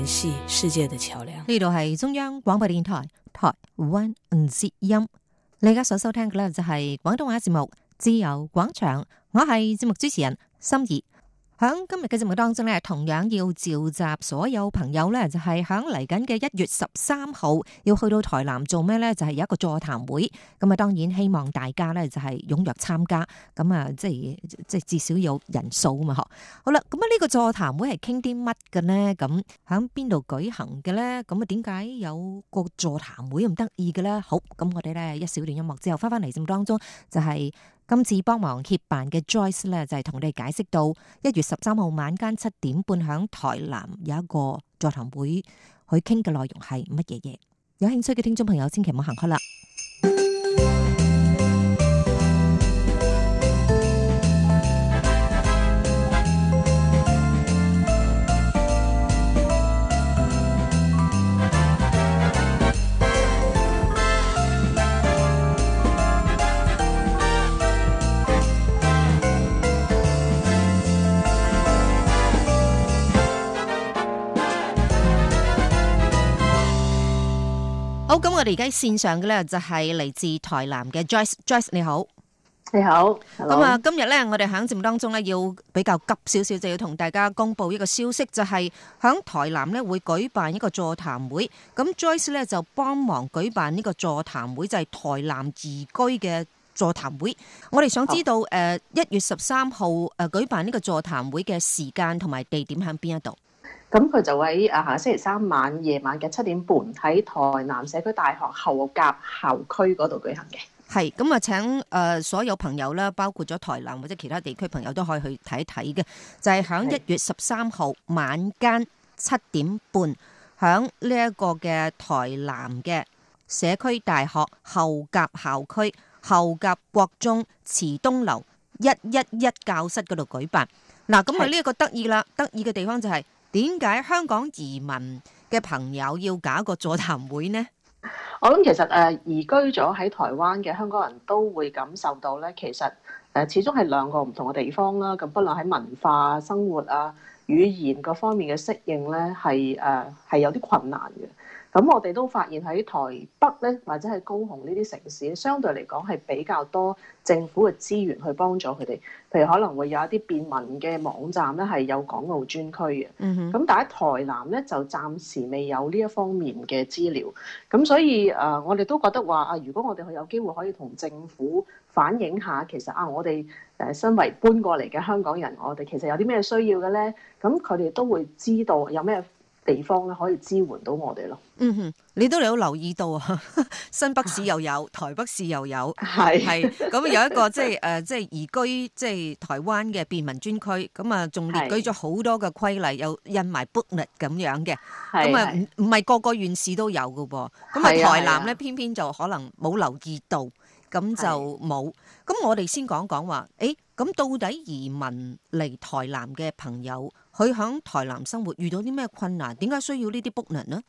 聯繫世界的橋樑。呢度係中央廣播電台台灣之音，你而家所收聽嘅咧就係廣東話節目《自由廣場》，我係節目主持人心怡。喺今日嘅節目當中咧，同樣要召集所有朋友咧，就係喺嚟緊嘅一月十三號要去到台南做咩咧？就係有一個座談會。咁啊，當然希望大家咧就係踴躍參加。咁啊，即係即係至少有人數啊嘛，嗬。好啦，咁啊呢個座談會係傾啲乜嘅咧？咁喺邊度舉行嘅咧？咁啊，點解有個座談會咁得意嘅咧？好，咁我哋咧一小段音樂之後翻翻嚟節目當中就係。今次幫忙協辦嘅 Joyce 咧，就係同你解釋到一月十三號晚間七點半喺台南有一個座談會去傾，佢傾嘅內容係乜嘢嘢？有興趣嘅聽眾朋友，千祈唔好行開啦。好，咁我哋而家線上嘅咧就係嚟自台南嘅 Joyce，Joyce 你好，你好。咁啊，今日咧我哋喺節目當中咧要比較急少少，就要同大家公布一個消息，就係響台南咧會舉辦一個座談會。咁 Joyce 咧就幫忙舉辦呢個座談會，就係台南移居嘅座談會。我哋想知道誒一月十三號誒舉辦呢個座談會嘅時間同埋地點喺邊一度？咁佢就喺啊下星期三晚夜晚嘅七點半，喺台南社區大學後甲校區嗰度舉行嘅。係咁啊請誒所有朋友啦，包括咗台南或者其他地區朋友都可以去睇睇嘅。就係響一月十三號晚間七點半，響呢一個嘅台南嘅社區大學後甲校區後甲國中慈東樓一一一教室嗰度舉辦。嗱是，咁啊呢一個得意啦，得意嘅地方就係、是。點解香港移民嘅朋友要搞個座談會呢？我諗其實誒，移居咗喺台灣嘅香港人都會感受到咧，其實誒，始終係兩個唔同嘅地方啦。咁不論喺文化、生活啊、語言各方面嘅適應咧，係誒係有啲困難嘅。咁我哋都發現喺台北咧，或者係高雄呢啲城市，相對嚟講係比較多政府嘅資源去幫助佢哋。譬如可能會有一啲便民嘅網站咧，係有港澳專區嘅。嗯哼。咁但係台南咧，就暫時未有呢一方面嘅資料。咁所以誒、呃，我哋都覺得話啊，如果我哋去，有機會可以同政府反映下，其實啊，我哋誒身為搬過嚟嘅香港人，我哋其實有啲咩需要嘅咧，咁佢哋都會知道有咩地方咧可以支援到我哋咯。嗯哼，你都有留意到啊？新北市又有，台北市又有，係係咁有一個即係誒即係移居即係、就是、台灣嘅便民專區，咁啊，仲列舉咗好多嘅規例，又的印埋 booklet 咁樣嘅。咁啊的，唔係個個縣市都有嘅噃。咁啊，台南咧的偏偏就可能冇留意到。咁就冇，咁我哋先講講話，誒、欸，咁到底移民嚟台南嘅朋友，佢喺台南生活遇到啲咩困難？點解需要呢啲 book 娘呢？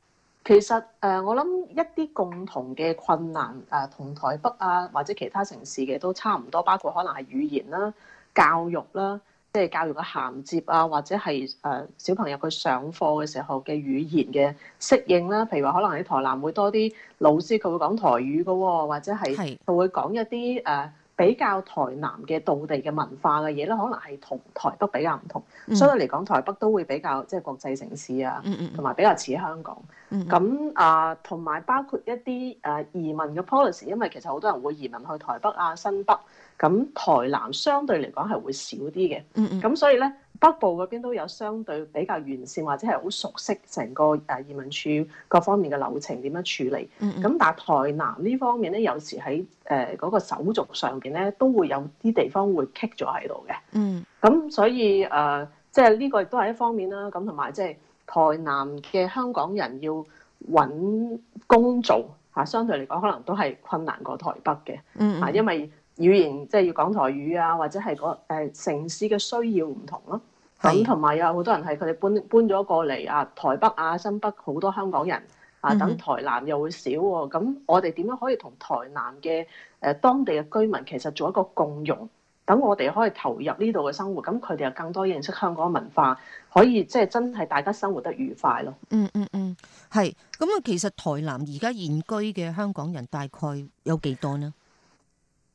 其實誒，我諗一啲共同嘅困難誒，同台北啊或者其他城市嘅都差唔多，包括可能係語言啦、啊、教育啦、啊。即係教育嘅銜接啊，或者係誒、uh, 小朋友佢上課嘅時候嘅語言嘅適應啦、啊。譬如話可能喺台南會多啲老師佢會講台語㗎、啊，或者係佢會講一啲誒。Uh, 比較台南嘅道地嘅文化嘅嘢咧，可能係同台北比較唔同。相、mm hmm. 對嚟講，台北都會比較即係、就是、國際城市啊，同埋、mm hmm. 比較似香港。咁、mm hmm. 啊，同埋包括一啲誒、啊、移民嘅 policy，因為其實好多人會移民去台北啊、新北。咁台南相對嚟講係會少啲嘅。咁、mm hmm. 所以咧。北部嗰邊都有相對比較完善，或者係好熟悉成個誒移民署各方面嘅流程點樣處理，咁、嗯嗯、但係台南呢方面咧，有時喺誒嗰個手續上邊咧，都會有啲地方會棘咗喺度嘅。嗯，咁所以誒，即係呢個亦都係一方面啦。咁同埋即係台南嘅香港人要揾工做嚇，相對嚟講可能都係困難過台北嘅。嗯，嗯，嚇，因為語言即係、就是、要講台語啊，或者係個、呃、城市嘅需要唔同咯。咁同埋有好多人係佢哋搬搬咗過嚟啊，台北啊、新北好多香港人啊，等台南又會少喎、哦。咁我哋點樣可以同台南嘅誒、呃、當地嘅居民其實做一個共融，等我哋可以投入呢度嘅生活，咁佢哋又更多認識香港文化，可以即係真係大家生活得愉快咯。嗯嗯嗯，係、嗯。咁、嗯、啊，其實台南而家現居嘅香港人大概有幾多呢？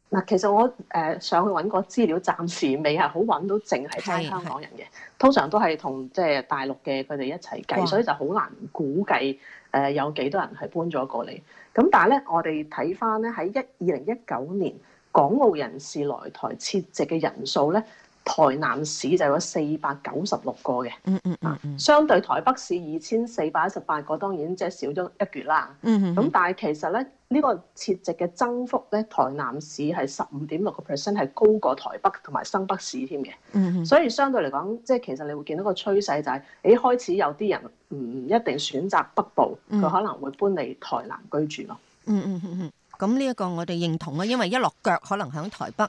嗱，其實我誒上去搵過資料，暫時未係好搵到，淨係返香港人嘅，的通常都係同即係大陸嘅佢哋一齊計，的所以就好難估計誒有幾多人係搬咗過嚟。咁但係咧，我哋睇翻咧喺一二零一九年港澳人士來台設籍嘅人數咧。台南市就有四百九十六個嘅，mm hmm. 啊，相對台北市二千四百一十八個，當然即係少咗一橛啦。咁、mm hmm. 但係其實咧，呢、這個設籍嘅增幅咧，台南市係十五點六個 percent 係高過台北同埋新北市添嘅。Mm hmm. 所以相對嚟講，即、就、係、是、其實你會見到個趨勢就係、是，誒、欸、開始有啲人唔一定選擇北部，佢、mm hmm. 可能會搬嚟台南居住咯。嗯嗯嗯，咁呢一個我哋認同啊，因為一落腳可能喺台北。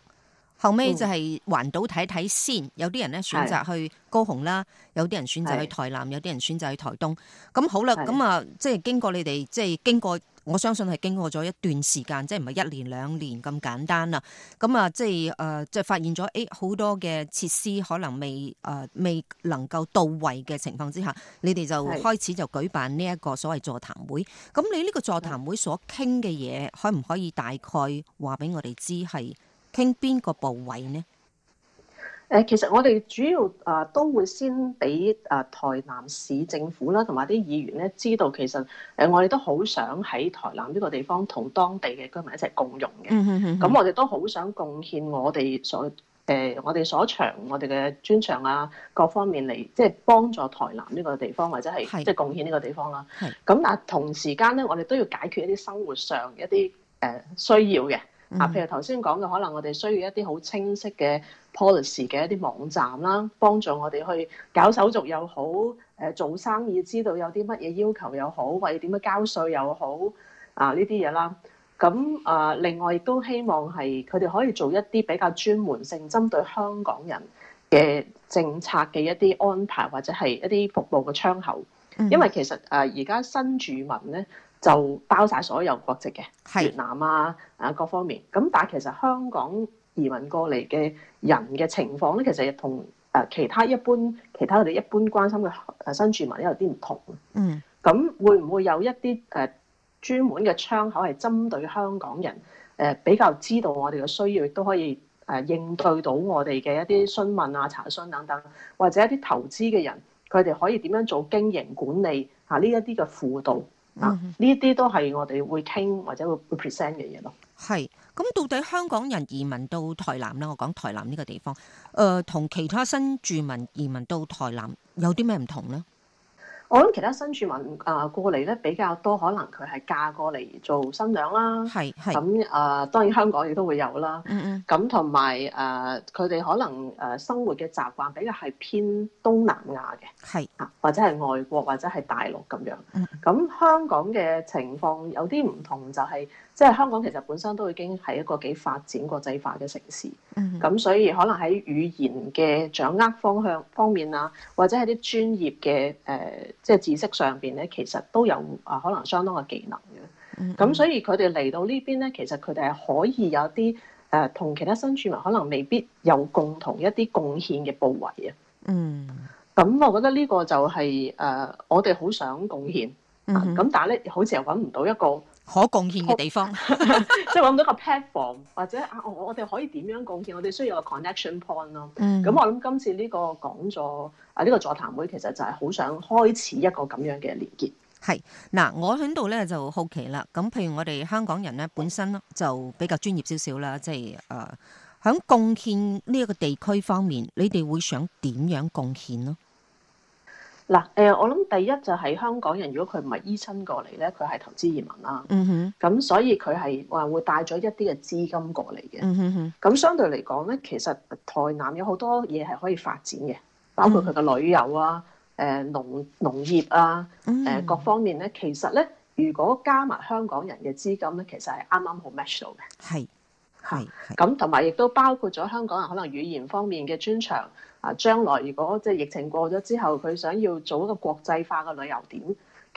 後尾就係環島睇睇先，有啲人咧選擇去高雄啦，是的 有啲人選擇去台南，是的 有啲人選擇去台東。咁好啦，咁啊，即係經過你哋，即係經過，我相信係經過咗一段時間，即係唔係一年兩年咁簡單啦。咁啊，即係誒，即係發現咗誒好多嘅設施可能未誒未能夠到位嘅情況之下，你哋就開始就舉辦呢一個所謂座談會。咁你呢個座談會所傾嘅嘢，可唔可以大概話俾我哋知係？傾邊個部位呢？誒，其實我哋主要啊都會先俾啊台南市政府啦，同埋啲議員咧知道，其實誒我哋都好想喺台南呢個地方同當地嘅居民一齊共用嘅。咁、嗯嗯、我哋都好想貢獻我哋所誒我哋所長我哋嘅專長啊，各方面嚟即係幫助台南呢個地方，或者係即係貢獻呢個地方啦。咁的但係同時間咧，我哋都要解決一啲生活上一啲誒需要嘅。啊，譬如頭先講嘅，可能我哋需要一啲好清晰嘅 policy 嘅一啲網站啦，幫助我哋去搞手續又好，誒做生意知道有啲乜嘢要求又好，或者點樣交稅又好，啊呢啲嘢啦。咁啊，另外亦都希望係佢哋可以做一啲比較專門性針對香港人嘅政策嘅一啲安排，或者係一啲服務嘅窗口，嗯、因為其實啊而家新住民咧。就包晒所有國籍嘅越南啊，啊各方面咁，但係其實香港移民過嚟嘅人嘅情況咧，其實同誒其他一般其他佢哋一般關心嘅誒新住民有啲唔同。嗯，咁會唔會有一啲誒專門嘅窗口係針對香港人誒比較知道我哋嘅需要，亦都可以誒應對到我哋嘅一啲詢問啊、查詢等等，或者一啲投資嘅人佢哋可以點樣做經營管理啊？呢一啲嘅輔導。嗱，呢啲都係我哋會傾或者會會 present 嘅嘢咯。係，咁到底香港人移民到台南咧？我講台南呢個地方，誒、呃，同其他新住民移民到台南有啲咩唔同咧？我諗其他新住民啊、呃、過嚟咧比較多，可能佢係嫁過嚟做新娘啦。係係。咁啊，當然香港亦都會有啦。嗯嗯。咁同埋誒，佢哋可能誒生活嘅習慣比較係偏東南亞嘅。係。啊，或者係外國，或者係大陸咁樣。嗯嗯。咁香港嘅情況有啲唔同，就係。即係香港其實本身都已經係一個幾發展國際化嘅城市，咁、mm hmm. 所以可能喺語言嘅掌握方向方面啊，或者係啲專業嘅誒，即、呃、係、就是、知識上邊咧，其實都有啊，可能相當嘅技能嘅。咁、mm hmm. 所以佢哋嚟到邊呢邊咧，其實佢哋係可以有啲誒，同、呃、其他新住民可能未必有共同一啲貢獻嘅部位啊。嗯、mm，咁、hmm. 我覺得呢個就係、是、誒、呃，我哋好想貢獻，咁、mm hmm. 但係咧，好似又揾唔到一個。可貢獻嘅地方，即係揾到一個 platform， 或者啊，我哋可以點樣貢獻？我哋需要個 connection point 咯、嗯。咁我諗今次呢個講座啊，呢、呢個座談會其實就係好想開始一個咁樣嘅連結。係嗱，我喺度咧就好奇啦。咁譬如我哋香港人咧，本身就比較專業少少啦，即係誒，喺貢獻呢一個地區方面，你哋會想點樣貢獻咯？嗱，誒、呃，我諗第一就係香港人，如果佢唔係醫生過嚟咧，佢係投資移民啦。嗯哼、mm。咁、hmm. 所以佢係話會帶咗一啲嘅資金過嚟嘅。咁、mm hmm. 相對嚟講咧，其實台南有好多嘢係可以發展嘅，包括佢嘅旅遊啊、誒、mm hmm. 呃、農農業啊、誒、mm hmm. 各方面咧。其實咧，如果加埋香港人嘅資金咧，其實係啱啱好 match 到嘅。係、mm。係、hmm. mm。咁同埋亦都包括咗香港人可能語言方面嘅專長。Mm hmm. mm 啊，將來如果即係疫情過咗之後，佢想要做一個國際化嘅旅遊點，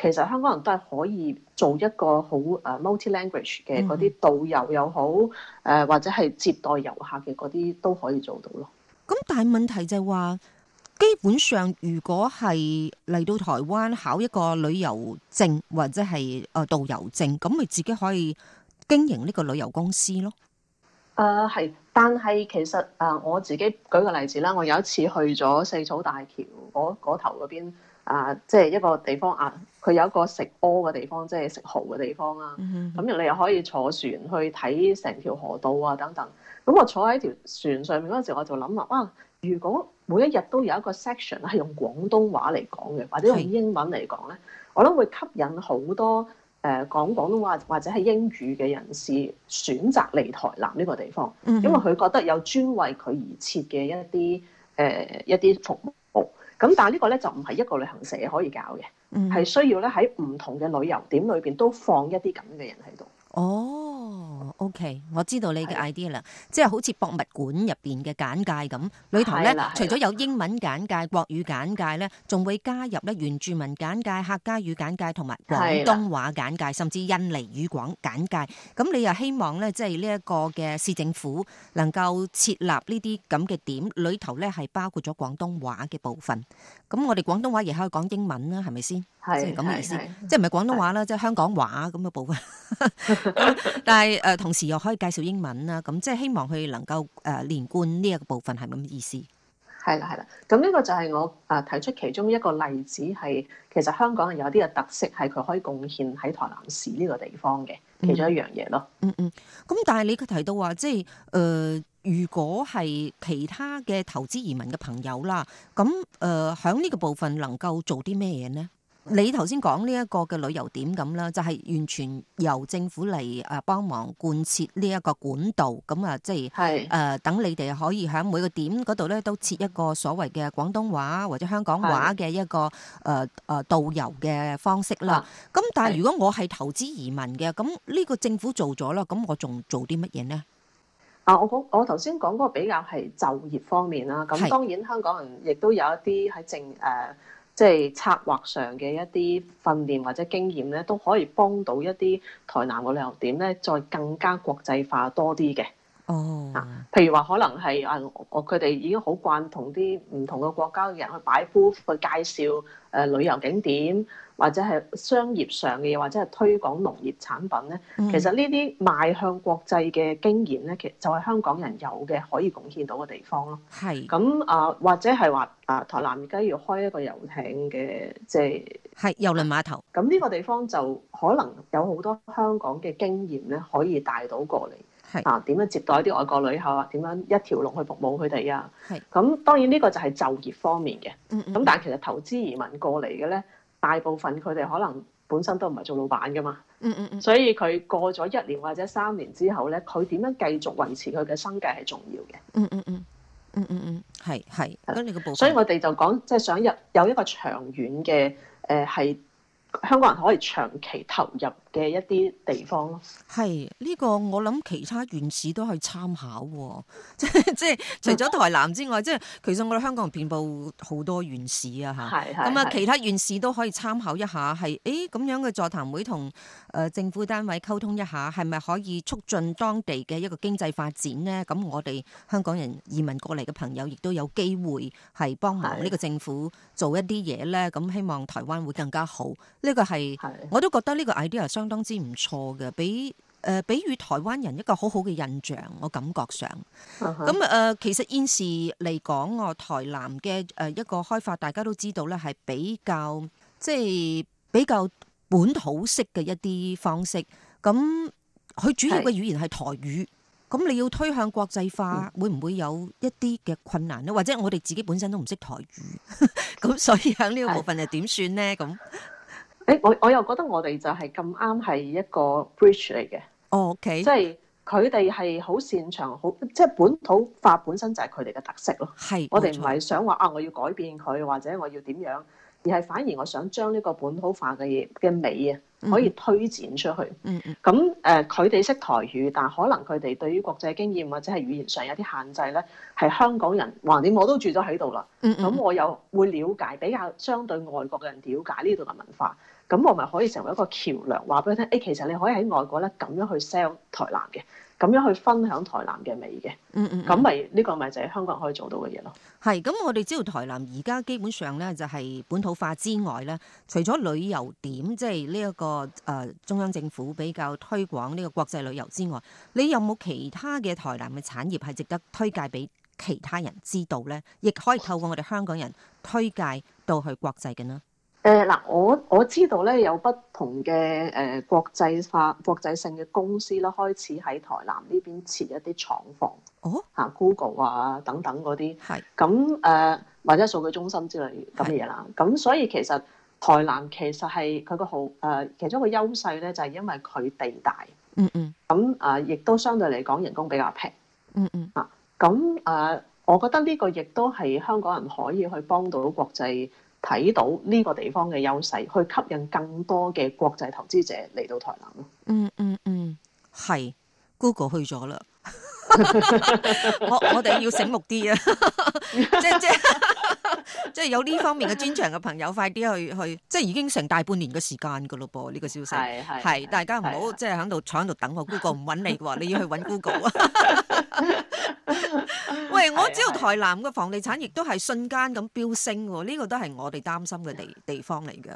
其實香港人都係可以做一個好誒 multi-language 嘅啲、嗯、導遊又好，誒或者係接待遊客嘅嗰啲都可以做到咯。咁但、嗯、問題就係話，基本上如果係嚟到台灣考一個旅遊證或者係誒導遊證，咁咪自己可以經營呢個旅遊公司咯？誒係、呃。但係其實啊、呃，我自己舉個例子啦，我有一次去咗四草大橋嗰嗰、那個、頭嗰邊啊，即、呃、係、就是、一個地方啊，佢有一個食蚵嘅地方，即係食蠔嘅地方啊。咁然後你又可以坐船去睇成條河道啊等等。咁我坐喺條船上面嗰陣時，我就諗啦，啊，如果每一日都有一個 section 係用廣東話嚟講嘅，或者用英文嚟講咧，是我諗會吸引好多。誒、呃、講廣東話或者係英語嘅人士選擇嚟台南呢個地方，嗯、哼因為佢覺得有專為佢而設嘅一啲誒、呃、一啲服務。咁但係呢個咧就唔係一個旅行社可以搞嘅，係、嗯、哼需要咧喺唔同嘅旅遊點裏邊都放一啲咁嘅人喺度。哦。o、oh, k、okay. 我知道你嘅 idea 啦，的即係好似博物館入邊嘅簡介咁，裏頭咧除咗有英文簡介、的國語簡介咧，仲會加入咧原住民簡介、客家語簡介同埋廣東話簡介，甚至印尼語廣簡，簡介。咁的你又希望咧，即係呢一個嘅市政府能夠設立呢啲咁嘅點，裏頭咧係包括咗廣東話嘅部分。咁我哋廣東話亦可以講英文啦，係咪先？即係咁意思，是即係唔係廣東話啦，即係是是 香港話咁嘅部分。 但係誒，同時又可以介紹英文啦，咁即係希望佢能夠誒連貫呢一個部分，係咁嘅意思？係啦，係啦。咁呢個就係我誒提出其中一個例子，係其實香港有啲嘅特色，係佢可以貢獻喺台南市呢個地方嘅其中一樣嘢咯。嗯嗯。咁但係你提到話，即係誒、呃，如果係其他嘅投資移民嘅朋友啦，咁誒，喺、呃、呢個部分能夠做啲咩嘢呢？你頭先講呢一個嘅旅遊點咁啦，就係、是、完全由政府嚟誒幫忙貫徹呢一個管道，咁啊、就是，即係誒等你哋可以喺每個點嗰度咧都設一個所謂嘅廣東話或者香港話嘅一個誒誒是、呃呃、導遊嘅方式啦。咁、啊、但係如果我係投資移民嘅，咁呢個政府做咗啦，咁我仲做啲乜嘢咧？啊，我我頭先講嗰個比較係就業方面啦。咁當然香港人亦都有一啲喺政誒。呃即係策劃上嘅一啲訓練或者經驗咧，都可以幫到一啲台南嘅旅遊點咧，再更加國際化多啲嘅。哦，oh. 譬如話，可能係啊，我佢哋已經好慣同啲唔同嘅國家嘅人去擺攤、去介紹誒旅遊景點，或者係商業上嘅嘢，或者係推廣農業產品咧。Mm. 其實呢啲邁向國際嘅經驗咧，其實就係、是、香港人有嘅，可以貢獻到嘅地方咯。係是。咁啊，或者係話啊，台南而家要開一個遊艇嘅，即係係遊輪碼頭。咁呢個地方就可能有好多香港嘅經驗咧，可以帶到過嚟。是啊，點樣接待啲外國旅客？點樣一條龍去服務佢哋啊？係咁是，當然呢個就係就業方面嘅。咁、嗯嗯、但係其實投資移民過嚟嘅咧，大部分佢哋可能本身都唔係做老闆噶嘛。嗯嗯嗯。所以佢過咗一年或者三年之後咧，佢點樣繼續維持佢嘅生計係重要嘅。嗯嗯嗯，嗯嗯嗯，係係。跟所以我哋就講即係想有有一個長遠嘅誒係。呃香港人可以長期投入嘅一啲地方咯，係呢、呢個我諗其他縣市都係參考，即 係除咗台南之外，即係、嗯、其實我哋香港人遍佈好多縣市啊，嚇。咁啊，其他縣市都可以參考一下，係誒咁樣嘅座談會同誒政府單位溝通一下，係咪可以促進當地嘅一個經濟發展呢？咁我哋香港人移民過嚟嘅朋友亦都有機會係幫忙呢個政府做一啲嘢呢。咁是希望台灣會更加好。呢個係，是我都覺得呢個 idea 相當之唔錯嘅，俾誒俾予台灣人一個好好嘅印象。我感覺上，咁誒、uh huh. 呃，其實現時嚟講，我台南嘅誒一個開發，大家都知道咧，係比較即係比較本土式嘅一啲方式。咁佢主要嘅語言係台語，咁是你要推向國際化，嗯，會唔會有一啲嘅困難咧？或者我哋自己本身都唔識台語，咁 所以喺呢個部分又點算呢？咁 我我又覺得我哋就係咁啱係一個 bridge 嚟嘅，OK，即係佢哋係好擅長好，即係本土化本身就係佢哋嘅特色咯。係是，我哋唔係想話錯啊，我要改變佢或者我要點樣，而係反而我想將呢個本土化嘅嘢嘅美啊，可以推展出去。嗯咁誒，佢哋識台語，但可能佢哋對於國際經驗或者係語言上有啲限制咧，係香港人橫掂我都住咗喺度啦。嗯咁我又會了解比較相對外國嘅人了解呢度嘅文化。咁我咪可以成為一個橋梁，話俾佢聽，誒、欸，其實你可以喺外國咧咁樣去 sell 台南嘅，咁樣去分享台南嘅美嘅，嗯嗯，咁咪呢個咪就係香港人可以做到嘅嘢咯。係，咁我哋知道台南而家基本上咧就係、是、本土化之外咧，除咗旅遊點，即係呢一個誒、呃、中央政府比較推廣呢個國際旅遊之外，你有冇其他嘅台南嘅產業係值得推介俾其他人知道咧？亦可以透過我哋香港人推介到去國際嘅呢？誒嗱、呃，我我知道咧有不同嘅誒、呃、國際化、國際性嘅公司咧，開始喺台南呢邊設一啲廠房。哦，嚇、啊，Google 啊等等嗰啲。係是。咁誒、呃、或者數據中心之類咁嘅嘢啦。係是。咁所以其實台南其實係佢個好誒、呃、其中一個優勢咧，就係、是、因為佢地大。嗯嗯。咁啊、呃，亦都相對嚟講人工比較平。嗯嗯。啊，咁、呃、啊、呃呃，我覺得呢個亦都係香港人可以去幫到國際。睇到呢個地方嘅優勢，去吸引更多嘅國際投資者嚟到台南。嗯嗯嗯，係，嗯嗯，Google 去咗啦。 我我哋要醒目啲啊！ 即即即有呢方面嘅專長嘅朋友快，快啲去去，即已經成大半年嘅時間噶咯噃，呢個消息係是大家唔好即喺度坐喺度等我，Google 唔揾你嘅話，你要去揾 Google 啊！ 喂，我知道台南嘅房地產亦都係瞬間咁飆升，呢、這個都係我哋擔心嘅地地方嚟噶，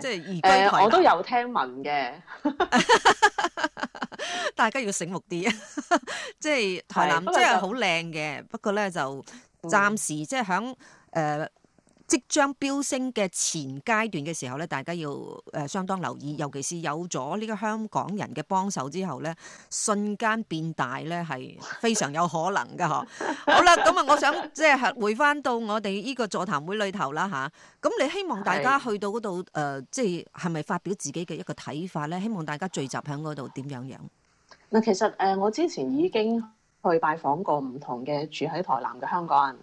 是即而家、欸、我都有聽聞嘅。 大家要醒目啲 是、呃，即係台南，真係好靚嘅。不過咧就暫時即係響誒即將飆升嘅前階段嘅時候咧，大家要誒相當留意。尤其是有咗呢個香港人嘅幫手之後咧，瞬間變大咧，係非常有可能噶。嗬， 好啦，咁啊，我想即係回返到我哋呢個座談會裏頭啦，吓、啊。咁你希望大家去到嗰度誒，即係係咪發表自己嘅一個睇法咧？希望大家聚集響嗰度，點樣樣？嗱，其實誒，我之前已經去拜訪過唔同嘅住喺台南嘅香港人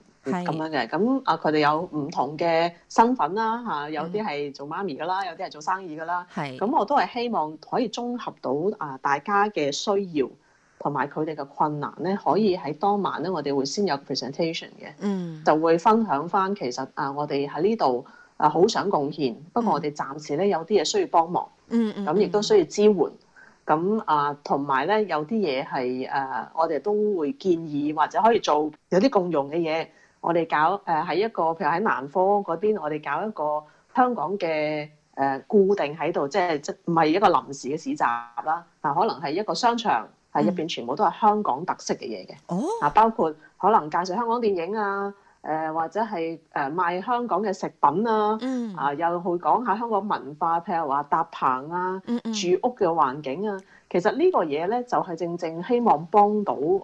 咁是樣嘅，咁啊，佢哋、嗯、有唔同嘅身份啦，嚇，有啲係做媽咪㗎啦，有啲係做生意㗎啦，咁是我都係希望可以綜合到啊大家嘅需要同埋佢哋嘅困難咧，可以喺當晚咧，我哋會先有 presentation 嘅，嗯，就會分享返其實啊，我哋喺呢度啊，好想貢獻，不過我哋暫時咧有啲嘢需要幫忙，嗯嗯，咁亦都需要支援。咁啊，同埋咧有啲嘢係誒，我哋都會建議或者可以做有啲共用嘅嘢，我哋搞誒喺一個譬如喺南科嗰邊，我哋搞一個香港嘅誒固定喺度，即係即唔係一個臨時嘅市集啦，嗱可能係一個商場，係入邊全部都係香港特色嘅嘢嘅，嗱包括可能介紹香港電影啊。誒或者係誒賣香港嘅食品啦、啊，啊、mm hmm. 又去講下香港文化，譬如話搭棚啊、mm hmm. 住屋嘅環境啊，其實呢個嘢咧就係正正希望幫到誒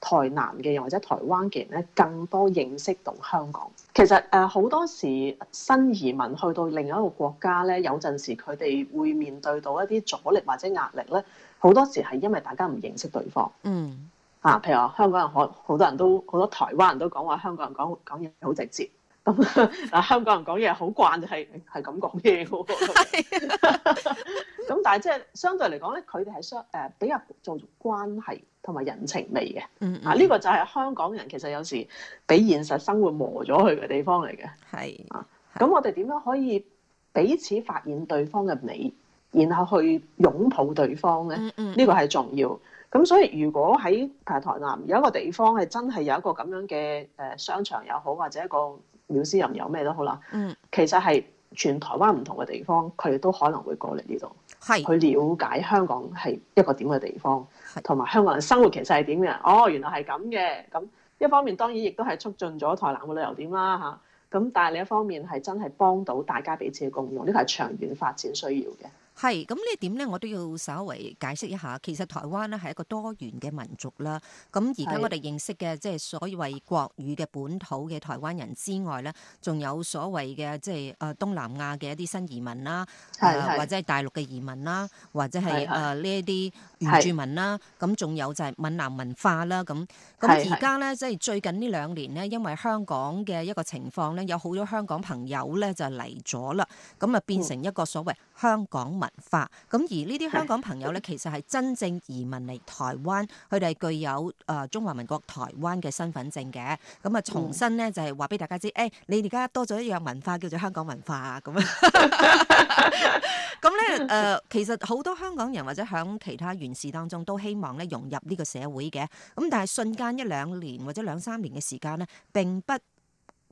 台南嘅人或者台灣嘅人咧，更多認識到香港。其實誒好多時新移民去到另一個國家咧，有陣時佢哋會面對到一啲阻力或者壓力咧，好多時係因為大家唔認識對方。嗯、mm。Hmm. 啊，譬如話香港人好好多人都好多台灣人都講話香港人講講嘢好直接，咁啊香港人講嘢好慣就係係咁講嘢喎。咁、 嗯嗯、但係即係相對嚟講咧，佢哋係相誒比較注重關係同埋人情味嘅。嗯啊，呢、呢個就係香港人其實有時俾現實生活磨咗去嘅地方嚟嘅。係。啊，咁、啊、我哋點樣可以彼此發現對方嘅美，然後去擁抱對方咧？呢、嗯嗯、個係重要。咁所以如果喺台南有一個地方係真係有一個咁樣嘅誒商場又好，或者一個廟市人有咩都好啦。嗯，其實係全台灣唔同嘅地方，佢哋都可能會過嚟呢度，係是去了解香港係一個點嘅地方，同埋是香港人生活其實係點嘅。哦，原來係咁嘅。咁一方面當然亦都係促進咗台南嘅旅遊點啦，嚇。咁但係另一方面係真係幫到大家彼此嘅共用，呢個係長遠發展需要嘅。係，咁呢一點咧，我都要稍微解釋一下。其實台灣咧係一個多元嘅民族啦。咁而家我哋認識嘅，即係所謂國語嘅本土嘅台灣人之外咧，仲有所謂嘅即係誒東南亞嘅一啲新移民啦，是是或者係大陸嘅移民啦，是是或者係誒呢一啲原住民啦。咁仲是有就係閩南文化啦。咁咁而家咧，即係最近呢兩年咧，因為香港嘅一個情況咧，有好多香港朋友咧就嚟咗啦，咁啊變成一個所謂是，香港文化，咁而呢啲香港朋友咧，其實係真正移民嚟台灣，佢哋 具有誒中華民國台灣嘅身份證嘅，咁啊重新咧就係話俾大家知，誒、嗯哎、你而家多咗一樣文化叫做香港文化啊，咁 啊， 咁咧誒，其實好多香港人或者喺其他縣市當中都希望咧融入呢個社會嘅，咁但係瞬間一兩年或者兩三年嘅時間咧並不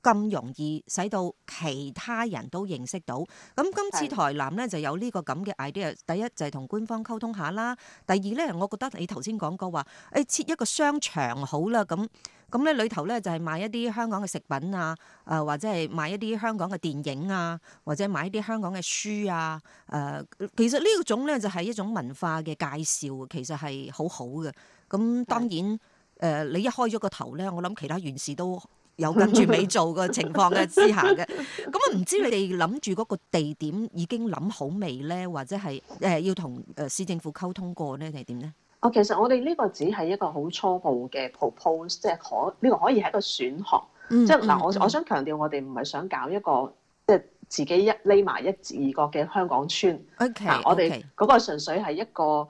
咁容易使到其他人都認識到。咁今次台南咧就有呢個咁嘅 idea。第一就係同官方溝通下啦。第二咧，我覺得你頭先講過話，誒、哎、設一個商場好啦。咁咁咧裏頭咧就係、是、賣一啲香港嘅食品啊，誒或者係賣一啲香港嘅電影啊，或者賣一啲香港嘅書啊。誒、呃、其實呢一種咧就係、是、一種文化嘅介紹，其實係好好嘅。咁當然誒的、呃，你一開咗個頭咧，我諗其他縣市都。有跟住尾做嘅情況嘅之下嘅，咁我唔知你哋諗住嗰個地點已經諗好未咧，或者係誒要同誒市政府溝通過咧定係點咧？啊，其實我哋呢個只係一個好初步嘅 propose，即係可呢個可以係一個選項，即係嗱，我我想強調，我哋唔係想搞一個即係自己一匿埋一至二個嘅香港村 OK，okay，啊，我哋嗰個純粹係一個誒，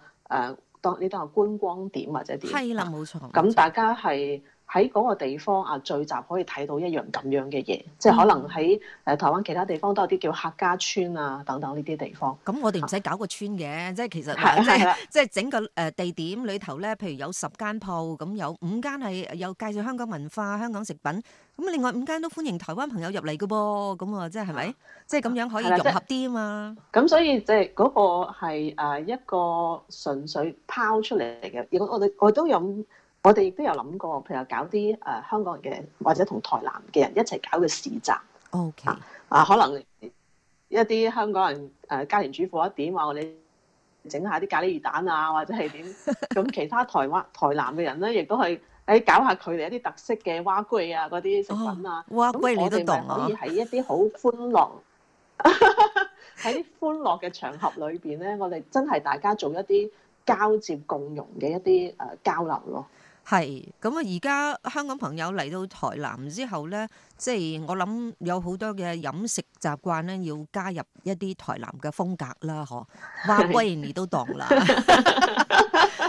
當、呃、你當觀光點或者點係啦，冇錯。咁大家係。喺嗰個地方啊，聚集可以睇到一樣咁樣嘅嘢，即係可能喺誒台灣其他地方都有啲叫客家村啊等等呢啲地方。咁、嗯、我哋唔使搞個村嘅，即係、啊、其實即係的整個誒地點裏頭咧，譬如有十間鋪咁，有五間係有介紹香港文化、香港食品，咁另外五間都歡迎台灣朋友入嚟嘅噃，咁啊，即係係咪？即係咁樣可以融合啲啊嘛。咁、就是、所以即係嗰個係一個純粹拋出嚟嘅。如果我哋我都有。我哋亦都有諗過，譬如搞啲誒、呃、香港人嘅，或者同台南嘅人一齊搞嘅市集。OK. 啊，啊，可能一啲香港人誒家庭主婦一點話，我哋整下啲咖喱魚蛋啊，或者係點咁？其他台灣、台南嘅人咧，亦都係喺搞下佢哋一啲特色嘅蛙居啊嗰啲食品啊。蛙居你都、啊啊、可以喺一啲好歡樂，喺歡樂嘅場合裏邊咧，我哋真係大家做一啲交接共融嘅一啲誒交流咯。係咁啊！而家香港朋友嚟到台南之後咧，即係我諗有好多嘅飲食習慣咧，要加入一啲台南嘅風格啦，嗬！挖歸你都當啦。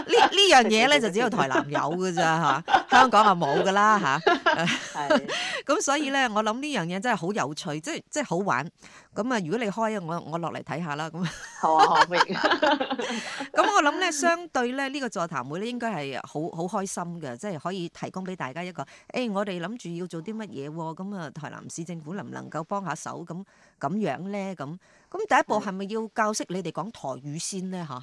呢呢樣嘢咧就只有台南有㗎咋。嚇、啊，香港啊冇噶啦嚇。係 的，咁 所以咧，我諗呢樣嘢真係好有趣，即係即係好玩。咁啊，如果你開，我我落嚟睇下啦。咁好啊，可咁我諗咧，相對咧呢、這個座談會咧，應該係好好開心嘅，即係可以提供俾大家一個，誒、哎，我哋諗住要做啲乜嘢，咁啊，台南市政府能唔能夠幫下手，咁咁樣咧，咁咁第一步係咪的要教識你哋講台語先咧，吓？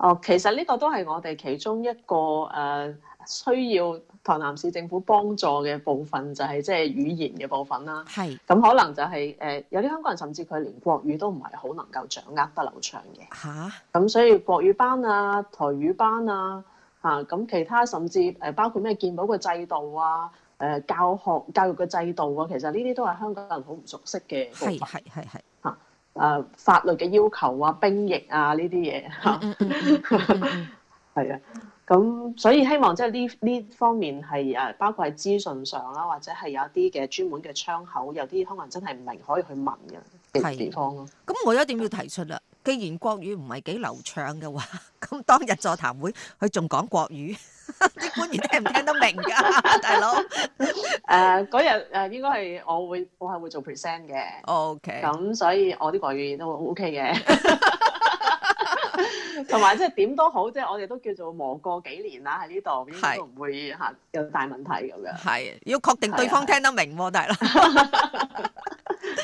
哦，其實呢個都係我哋其中一個誒、呃、需要台南市政府幫助嘅部分，就係即係語言嘅部分啦。係是，咁可能就係、是、誒、呃、有啲香港人甚至佢連國語都唔係好能夠掌握得流暢嘅。嚇哈！咁所以國語班啊、台語班啊，嚇、啊、咁其他甚至誒包括咩健保嘅制度啊、誒、呃、教學教育嘅制度啊，其實呢啲都係香港人好唔熟悉嘅部分。係係係係。誒法律嘅要求啊、兵役啊呢啲嘢，嚇，係啊，咁 所以希望即係呢呢方面係誒，包括喺資訊上啦，或者係有一啲嘅專門嘅窗口，有啲可能真係唔明可以去問嘅地方咯。咁我一定要提出咧。既然國語唔係幾流暢嘅話，咁當日座談會佢仲講國語，啲 官員聽唔聽得明㗎、啊？大佬，誒嗰日誒應該係我會我係會做 present 嘅，OK，咁所以我啲國語都 OK 嘅。 同埋即係點都好，即係我哋都叫做磨過幾年啦喺呢度，是應該唔會嚇有大問題咁樣。係要確定對方聽得明㗎啦。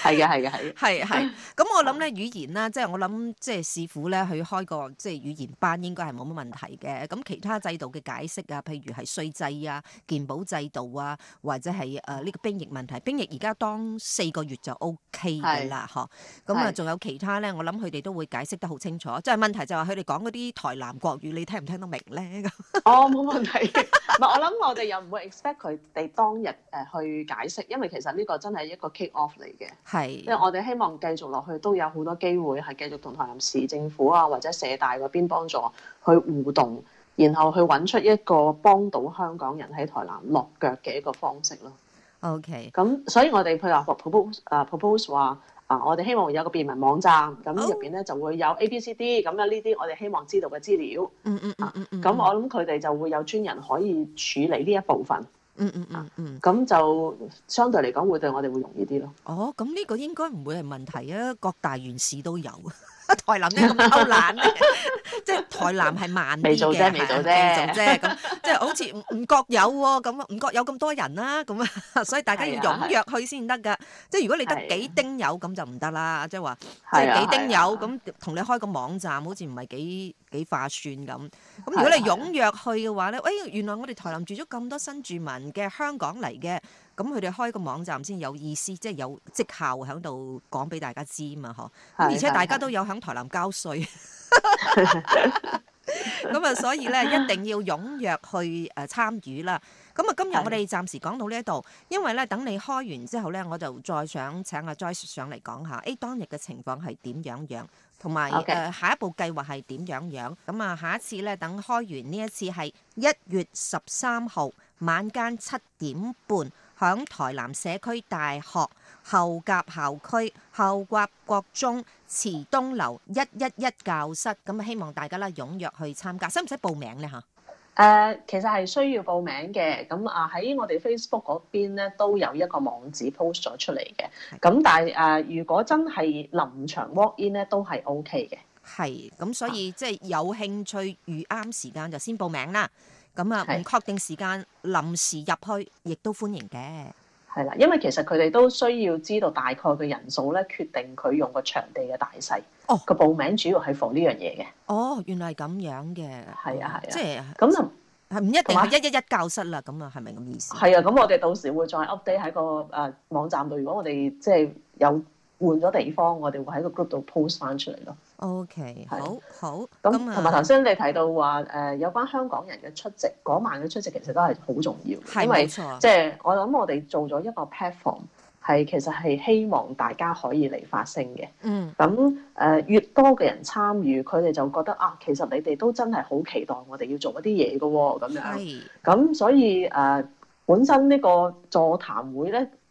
係嘅的，係嘅， 係嘅，係。咁我諗咧語言啦，即係我諗即係市府咧去開個即係語言班，應該係冇乜問題嘅。咁其他制度嘅解釋啊，譬如係稅制啊、健保制度啊，或者係誒呢個兵役問題，兵役而家當四個月就 O K 㗎啦，呵。咁啊，仲有其他咧，我諗佢哋都會解釋得好清楚。即係問題就係佢哋。講嗰啲台南國語，你聽唔聽得明咧？哦，冇問題。嘅，我諗我哋又唔會 expect 佢哋當日誒去解釋，因為其實呢個真係一個 kick off 嚟嘅。係是。因為我哋希望繼續落去都有好多機會係繼續同台南市政府啊或者社大嗰邊幫助去互動，然後去揾出一個幫到香港人喺台南落腳嘅一個方式咯。OK，咁所以我哋譬如話 Prop、uh, propose 啊！Uh, 我哋希望有個便民網站，咁入邊咧就會有 A、B、C、D 咁樣呢啲，我哋希望知道嘅資料。嗯、mm hmm. uh, 嗯。嗯嗯。咁我諗佢哋就會有專人可以處理呢一部分。嗯嗯嗯嗯。咁就相對嚟講會對我哋會容易啲咯。哦，咁呢個應該唔會係問題啊！各大縣市都有， 台林你咁偷懶。 即係台南係慢啲嘅，未做啫，未做啫，咁即係好似唔唔覺有喎，咁唔覺有咁多人啦。咁啊，所以大家要踴躍去先得㗎。啊、即係如果你得幾丁友咁就唔得啦。啊、即係話即係幾丁友咁，同、啊、你開個網站好似唔係幾幾化算咁。咁如果你踴躍去嘅話咧，誒、啊哎、原來我哋台南住咗咁多新住民嘅香港嚟嘅。咁佢哋開個網站先有意思，即係有績效喺度講俾大家知嘛。嗬，咁而且大家都有喺台南交稅，咁啊，所以咧一定要踴躍去誒參與啦。咁啊，今日我哋暫時講到呢一度，因為咧等你開完之後咧，我就再想請阿 Joyce 上嚟講下誒當日嘅情況係點樣樣，同埋誒下一步計劃係點樣樣。咁啊，下一次咧等開完呢一次係一月十三號晚間七點半。喺台南社區大學後甲校區後甲國中池東樓一一一教室，咁啊，希望大家咧踴躍去參加。使唔使報名咧吓？誒，其實係需要報名嘅。咁啊喺我哋 Facebook 嗰邊咧都有一個網址 post 咗出嚟嘅，咁的但係誒，如果真係臨場 walk in 咧都係 OK 嘅。係咁，所以即係有興趣遇啱時間就先報名啦。咁啊，唔確定時間，的臨時入去亦都歡迎嘅。係啦，因為其實佢哋都需要知道大概嘅人數咧，決定佢用個場地嘅大細。哦，個報名主要係防呢樣嘢嘅。哦，原來係咁樣嘅。係啊，係啊，即係咁啊，係唔就一定係一一一教室啦。咁啊，係咪咁意思？係啊，咁我哋到時會再 update 喺個誒網站度。如果我哋即係有。換咗地方，我哋會喺個 group 度 post 翻出嚟咯。OK，是好好咁，同埋頭先你提到話誒、呃，有關香港人嘅出席，嗰晚嘅出席其實都係好重要嘅，是因為即係錯、就是、我諗我哋做咗一個 platform，係其實係希望大家可以嚟發聲嘅。嗯，咁誒、呃、越多嘅人參與，佢哋就覺得啊，其實你哋都真係好期待我哋要做一啲嘢嘅喎，咁樣。係是。咁所以誒、呃，本身呢個座談會咧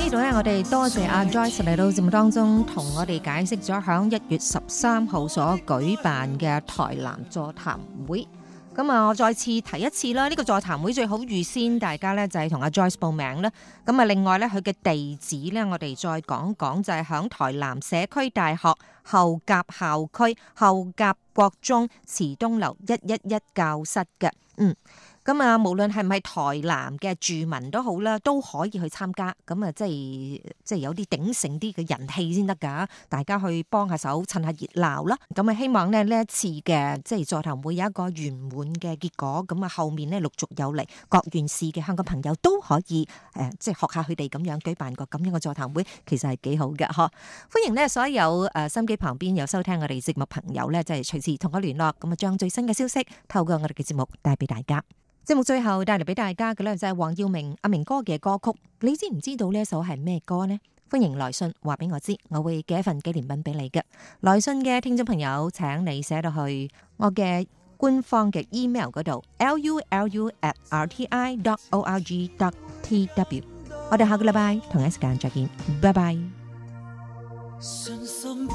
呢度咧，我哋多謝阿 Joyce 嚟到節目當中，同我哋解釋咗響一月十三號所舉辦嘅台南座談會。咁啊，我再次提一次啦，呢個座談會最好預先大家咧就係同阿 Joyce 報名啦。咁啊，另外咧佢嘅地址咧，我哋再講講，就係響台南社區大學後甲校區後甲國中池東樓一一一教室嘅。嗯。咁啊，無論係唔係台南嘅住民都好啦，都可以去參加。咁啊，即係即係有啲鼎盛啲嘅人氣先得㗎，大家去幫下手，趁下熱鬧啦。咁啊，希望咧呢一次嘅即係座談會有一個圓滿嘅結果。咁啊，後面咧陸續有嚟各縣市嘅香港朋友都可以誒，即係學下佢哋咁樣舉辦個咁樣嘅座談會，其實係幾好嘅嗬，歡迎咧所有誒收、呃、機旁邊有收聽我哋節目朋友咧，即係隨時同我聯絡。咁啊，將最新嘅消息透過我哋嘅節目帶俾大家。節目最後帶嚟俾大家嘅咧，就係黃耀明阿明哥嘅歌曲。你知唔知道呢一首係咩歌呢？歡迎來信話俾我知，我會寄一份紀念品俾你嘅。來信嘅聽眾朋友，請你寫到去我嘅官方嘅 email 度，lulu@rti.org.tw。Tw. 我哋下個禮拜同一時間再見，拜拜。信心不